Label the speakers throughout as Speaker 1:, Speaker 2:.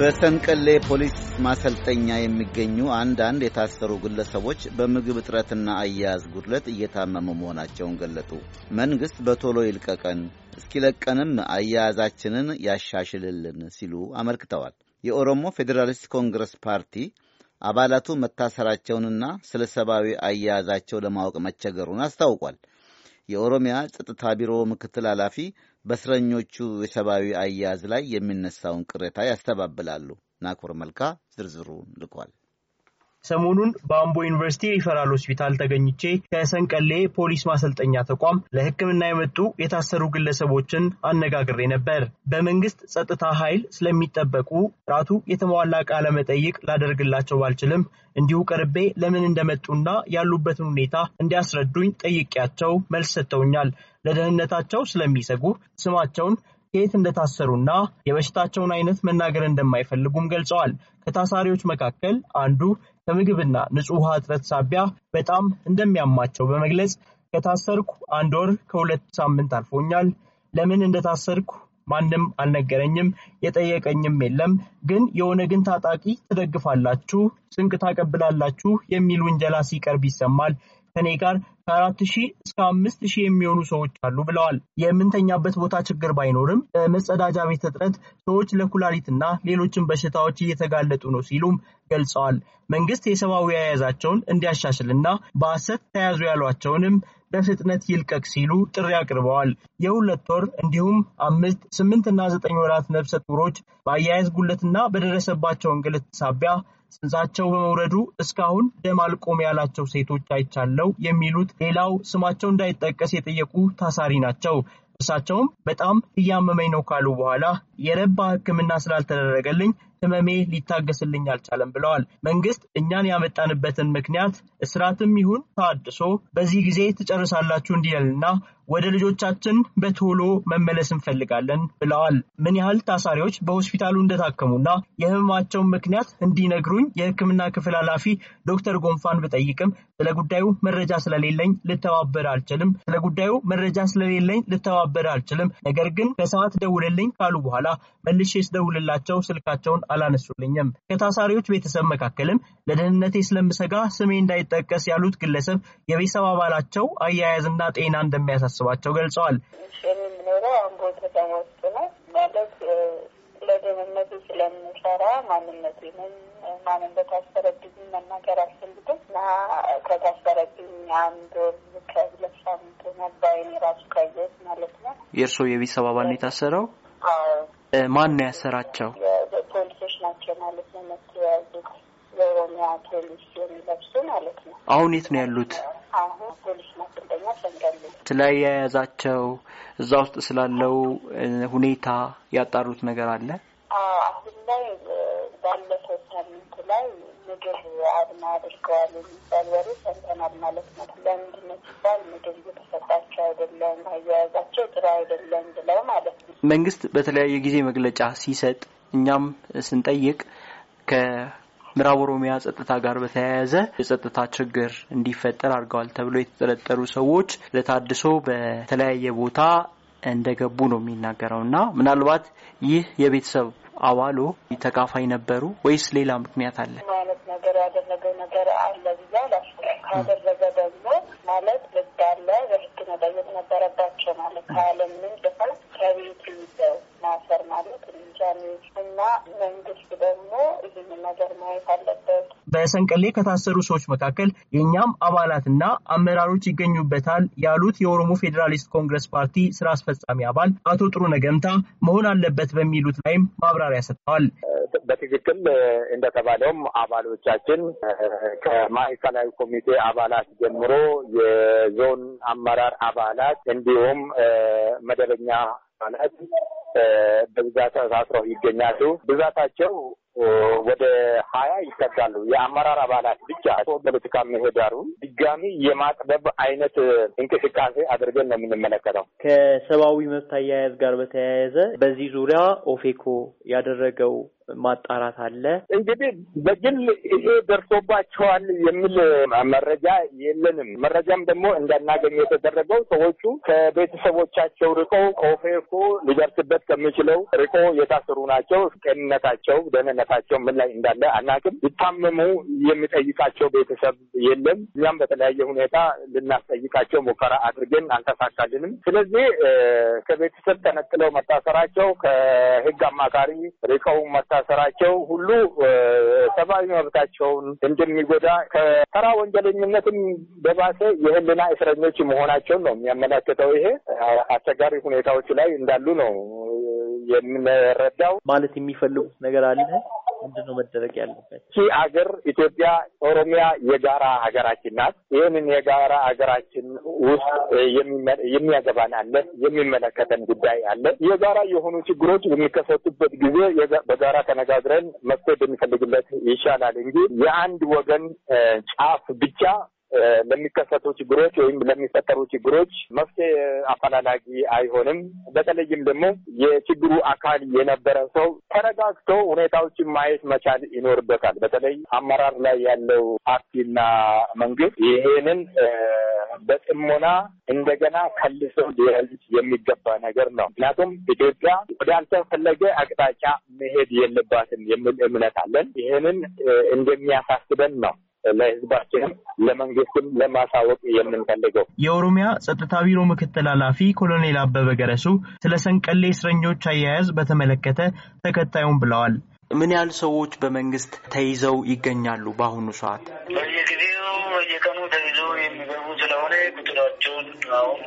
Speaker 1: በሰንቀሌ ፖሊስ ማሰልጠኛ የሚገኙ አንዳንድ የታሰሩ ግለሰቦች በምግብ እጥረትና አያያዝ ጉድለት እየታመሙ መሆናቸውን ገለጡ። መንግሥት በቶሎ ይልቀቀን፣ እስኪለቀንም አያያዛችንን ያሻሽልልን ሲሉ አመልክተዋል። የኦሮሞ ፌዴራሊስት ኮንግረስ ፓርቲ አባላቱ መታሰራቸውንና ስለ ሰብአዊ አያያዛቸው ለማወቅ መቸገሩን አስታውቋል። የኦሮሚያ ጸጥታ ቢሮ ምክትል ኃላፊ በእስረኞቹ የሰብአዊ አያያዝ ላይ የሚነሳውን ቅሬታ ያስተባብላሉ። ናኮር መልካ ዝርዝሩን ልኳል።
Speaker 2: ሰሞኑን በአምቦ ዩኒቨርሲቲ ሪፈራል ሆስፒታል ተገኝቼ ከሰንቀሌ ፖሊስ ማሰልጠኛ ተቋም ለሕክምና የመጡ የታሰሩ ግለሰቦችን አነጋግሬ ነበር። በመንግስት ጸጥታ ኃይል ስለሚጠበቁ ጥራቱ የተሟላ ቃለ መጠይቅ ላደርግላቸው ባልችልም እንዲሁ ቀርቤ ለምን እንደመጡና ያሉበትን ሁኔታ እንዲያስረዱኝ ጠይቄያቸው መልስ ሰጥተውኛል። ለደህንነታቸው ስለሚሰጉ ስማቸውን የት እንደታሰሩና የበሽታቸውን አይነት መናገር እንደማይፈልጉም ገልጸዋል። ከታሳሪዎች መካከል አንዱ ከምግብና ንጹህ ውሃ እጥረት ሳቢያ በጣም እንደሚያማቸው በመግለጽ ከታሰርኩ አንድ ወር ከሁለት ሳምንት አልፎኛል። ለምን እንደታሰርኩ ማንም አልነገረኝም፣ የጠየቀኝም የለም። ግን የሆነ ግን ታጣቂ ትደግፋላችሁ፣ ስንቅ ታቀብላላችሁ የሚል ውንጀላ ሲቀርብ ይሰማል። ከኔ ጋር ከአራት ሺህ እስከ አምስት ሺህ የሚሆኑ ሰዎች አሉ ብለዋል። የምንተኛበት ቦታ ችግር ባይኖርም መጸዳጃ ቤት እጥረት ሰዎች ለኩላሊትና ሌሎችን በሽታዎች እየተጋለጡ ነው ሲሉም ገልጸዋል። መንግስት የሰብአዊ አያያዛቸውን እንዲያሻሽልና በሐሰት ተያዙ ያሏቸውንም በፍጥነት ይልቀቅ ሲሉ ጥሪ አቅርበዋል። የሁለት ወር እንዲሁም አምስት ስምንትና ዘጠኝ ወራት ነፍሰ ጡሮች በአያያዝ ጉለትና በደረሰባቸው እንግልት ሳቢያ ጽንሳቸው በመውረዱ እስካሁን ደም አልቆም ያላቸው ሴቶች አይቻለው የሚሉት ሌላው ስማቸው እንዳይጠቀስ የጠየቁ ታሳሪ ናቸው። እርሳቸውም በጣም እያመመኝ ነው ካሉ በኋላ የረባ ሕክምና ስላልተደረገልኝ ህመሜ ሊታገስልኝ አልቻለም ብለዋል። መንግስት እኛን ያመጣንበትን ምክንያት እስራትም ይሁን ታድሶ በዚህ ጊዜ ትጨርሳላችሁ እንዲልና ወደ ልጆቻችን በቶሎ መመለስ እንፈልጋለን ብለዋል። ምን ያህል ታሳሪዎች በሆስፒታሉ እንደታከሙና የህመማቸውን ምክንያት እንዲነግሩኝ የህክምና ክፍል ኃላፊ ዶክተር ጎንፋን ብጠይቅም ስለ ጉዳዩ መረጃ ስለሌለኝ ልተባበር አልችልም። ስለ ጉዳዩ መረጃ ስለሌለኝ ልተባበር አልችልም። ነገር ግን ከሰዓት ደውልልኝ ካሉ በኋላ መልሼ ስደውልላቸው ስልካቸውን አላነሱልኝም። ከታሳሪዎች ቤተሰብ መካከልም ለደህንነቴ ስለምሰጋ ስሜ እንዳይጠቀስ ያሉት ግለሰብ የቤተሰብ አባላቸው አያያዝና ጤና እንደሚያሳስ እንደሚያሳስባቸው ገልጸዋል።
Speaker 1: የምንኖረው አንጎል ከተማ ውስጥ ነው ማለት ለደህንነቱ ስለምንሰራ ማንነቴንም ማን እንደታሰረብኝ መናገር አልፈልግም እና ከታሰረብኝ አንድ ወር ከሁለት
Speaker 2: ሳምንት ሆኗል። በዓይኔ ራሱ ካየሁት ማለት ነው። የእርስዎ የቤተሰብ አባል ነው የታሰረው? ማን ነው ያሰራቸው?
Speaker 1: ፖሊሶች ናቸው ማለት ነው። መቶ የያዙት የኦሮሚያ ፖሊስ የሚለብሱ ማለት ነው።
Speaker 2: አሁን የት ነው ያሉት? ስለያያዛቸው እዛ ውስጥ ስላለው ሁኔታ ያጣሩት ነገር አለ።
Speaker 1: አሁን ላይ ባለፈው ሳምንት ላይ ምግብ አድማ አድርገዋል የሚባል ወሬ ሰምተናል ማለት ነው። ለምንድን ነው ሲባል ምግብ እየተሰጣቸው አይደለም፣ አያያዛቸው ጥሩ አይደለም
Speaker 2: ብለው ማለት ነው። መንግስት በተለያየ ጊዜ መግለጫ ሲሰጥ እኛም ስንጠይቅ ምዕራብ ኦሮሚያ ጸጥታ ጋር በተያያዘ የጸጥታ ችግር እንዲፈጠር አድርገዋል ተብሎ የተጠረጠሩ ሰዎች ለታድሶ በተለያየ ቦታ እንደገቡ ነው የሚናገረው እና ምናልባት ይህ የቤተሰብ አባሎ ተካፋይ ነበሩ ወይስ ሌላ ምክንያት አለ
Speaker 1: ነገር ያደረገው ነገር አለ ብዬ
Speaker 2: ካደረገ ደግሞ ማለት ልዳለ በህግ መጠየቅ ነበረባቸው ማለት ከአለም ምን ደፋ ከቤት ነበር ማለት እንጃኔዎች እና መንግስት ደግሞ ይህን ነገር ማየት አለበት። በሰንቀሌ ከታሰሩ ሰዎች መካከል የእኛም አባላትና አመራሮች ይገኙበታል ያሉት የኦሮሞ ፌዴራሊስት ኮንግረስ ፓርቲ ስራ አስፈጻሚ አባል አቶ ጥሩ ነገምታ መሆን አለበት በሚሉት ላይም ማብራሪያ ሰጥተዋል።
Speaker 1: በትክክል እንደተባለውም አባሎቻችን
Speaker 2: ከማዕከላዊ ኮሚቴ
Speaker 1: አባላት ጀምሮ የዞን አመራር አባላት እንዲሁም መደበኛ አባላት በብዛት ታስረው ይገኛሉ። ብዛታቸው ወደ ሀያ ይጠጋሉ። የአመራር አባላት ብቻ ፖለቲካ ምህዳሩን ድጋሚ የማጥበብ አይነት እንቅስቃሴ አድርገን ነው የምንመለከተው።
Speaker 2: ከሰብአዊ መብት አያያዝ ጋር በተያያዘ በዚህ ዙሪያ ኦፌኮ ያደረገው ማጣራት አለ።
Speaker 1: እንግዲህ በግል ይሄ ደርሶባቸዋል የሚል መረጃ የለንም። መረጃም ደግሞ እንዳናገኝ የተደረገው ሰዎቹ ከቤተሰቦቻቸው ርቆ ኦፌኮ ሊደርስበት ከሚችለው ርቆ የታሰሩ ናቸው። ጤንነታቸው፣ ደህንነታቸው ምን ላይ እንዳለ አናውቅም። ይታመሙ የሚጠይቃቸው ቤተሰብ የለም። እኛም በተለያየ ሁኔታ ልናስጠይቃቸው ሙከራ አድርገን አልተሳካልንም። ስለዚህ ከቤተሰብ ተነጥለው መታሰራቸው፣ ከህግ አማካሪ ርቀው መታሰራቸው ሁሉ ሰብአዊ መብታቸውን እንደሚጎዳ ከተራ ወንጀለኝነትም በባሰ የህልና እስረኞች መሆናቸውን ነው የሚያመላክተው። ይሄ አስቸጋሪ ሁኔታዎች ላይ እንዳሉ ነው የምንረዳው።
Speaker 2: ማለት የሚፈልጉት ነገር አለ ምንድነው መደረግ ያለበት? ይህ
Speaker 1: አገር ኢትዮጵያ፣ ኦሮሚያ የጋራ ሀገራችን ናት። ይህንን የጋራ ሀገራችን ውስጥ የሚያገባን አለ፣ የሚመለከተን ጉዳይ አለ። የጋራ የሆኑ ችግሮች የሚከሰቱበት ጊዜ በጋራ ተነጋግረን መፍትሄ ብንፈልግለት ይሻላል እንጂ የአንድ ወገን ጫፍ ብቻ ለሚከሰቱ ችግሮች ወይም ለሚፈጠሩ ችግሮች መፍትሄ አፈላላጊ አይሆንም። በተለይም ደግሞ የችግሩ አካል የነበረ ሰው ተረጋግቶ ሁኔታዎችን ማየት መቻል ይኖርበታል። በተለይ አመራር ላይ ያለው ፓርቲና መንግስት ይሄንን በጥሞና እንደገና ከልሶ ሊያዝ የሚገባ ነገር ነው። ምክንያቱም ኢትዮጵያ ወዳልተፈለገ አቅጣጫ መሄድ የለባትም የሚል እምነት አለን። ይህንን እንደሚያሳስበን ነው ለህዝባችንም ለመንግስትም ለማሳወቅ የምንፈልገው
Speaker 2: የኦሮሚያ ጸጥታ ቢሮ ምክትል ኃላፊ ኮሎኔል አበበ ገረሱ ስለ ሰንቀሌ እስረኞች አያያዝ በተመለከተ ተከታዩም ብለዋል። ምን ያህል ሰዎች በመንግስት ተይዘው ይገኛሉ? በአሁኑ ሰዓት
Speaker 1: በየጊዜው በየቀኑ ተይዞ የሚገቡ ስለሆነ ቁጥራቸውን አሁን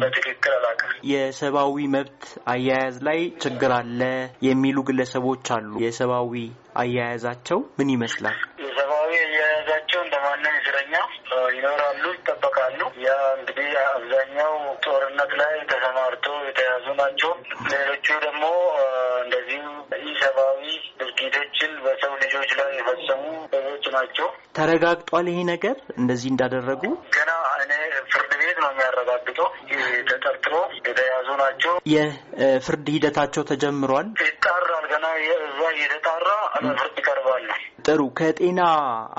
Speaker 1: በትክክል አላውቅም።
Speaker 2: የሰብአዊ መብት አያያዝ ላይ ችግር አለ የሚሉ ግለሰቦች አሉ። የሰብአዊ አያያዛቸው ምን ይመስላል?
Speaker 1: ይኖራሉ፣ ይጠበቃሉ። ያ እንግዲህ አብዛኛው ጦርነት ላይ ተሰማርቶ የተያዙ ናቸው። ሌሎቹ ደግሞ እንደዚሁ ኢሰብአዊ ድርጊቶችን በሰው ልጆች ላይ የፈጸሙ ሰዎች ናቸው።
Speaker 2: ተረጋግጧል ይሄ ነገር እንደዚህ እንዳደረጉ ገና እኔ ፍርድ ቤት ነው የሚያረጋግጠው። ተጠርጥሮ የተያዙ ናቸው። የፍርድ ሂደታቸው ተጀምሯል። ይጣራል። ገና
Speaker 1: እዛ እየተጣራ
Speaker 2: ፍርድ ይቀርባል። ጥሩ ከጤና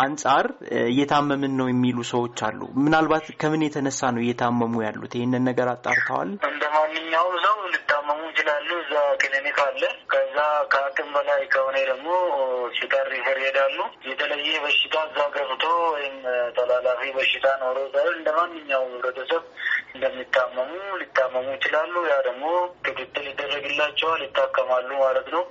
Speaker 2: አንጻር እየታመምን ነው የሚሉ ሰዎች አሉ። ምናልባት ከምን የተነሳ ነው እየታመሙ ያሉት? ይህንን ነገር አጣርተዋል? እንደ
Speaker 1: ማንኛውም ሰው ሊታመሙ ይችላሉ። እዛ ክሊኒክ አለ። ከዛ ከአቅም በላይ ከሆነ ደግሞ ሆስፒታል ሪፈር ይሄዳሉ። የተለየ በሽታ እዛ ገብቶ ወይም ተላላፊ በሽታ ኖሮ እንደ ማንኛውም ሊታመሙ
Speaker 2: ሊታመሙ ይችላሉ። ያ ደግሞ ክትትል ይደረግላቸዋል፣ ይታከማሉ ማለት ነው።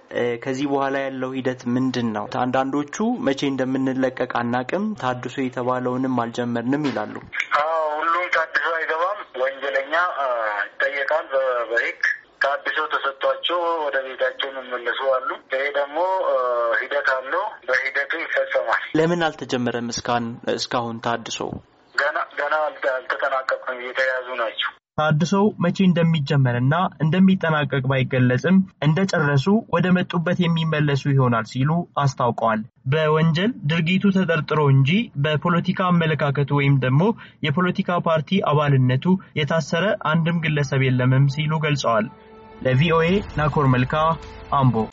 Speaker 2: ከዚህ በኋላ ያለው ሂደት ምንድን ነው? አንዳንዶቹ መቼ እንደምንለቀቅ አናቅም፣ ታድሶ የተባለውንም አልጀመርንም ይላሉ። ሁሉም ታድሶ አይገባም። ወንጀለኛ ይጠየቃል በህግ ታድሶ ተሰጥቷቸው ወደ ቤታቸው የሚመለሱ አሉ። ይሄ ደግሞ ሂደት አለው፣ በሂደቱ ይፈጸማል። ለምን አልተጀመረም? እስካሁን ታድሶ ገና ገና አልተጠናቀቅም፣ እየተያዙ ናቸው። ታድሶው መቼ እንደሚጀመርና እንደሚጠናቀቅ ባይገለጽም እንደጨረሱ ወደ መጡበት የሚመለሱ ይሆናል ሲሉ አስታውቀዋል። በወንጀል ድርጊቱ ተጠርጥሮ እንጂ በፖለቲካ አመለካከቱ ወይም ደግሞ የፖለቲካ ፓርቲ አባልነቱ የታሰረ አንድም ግለሰብ የለምም ሲሉ ገልጸዋል። ለቪኦኤ ናኮር መልካ አምቦ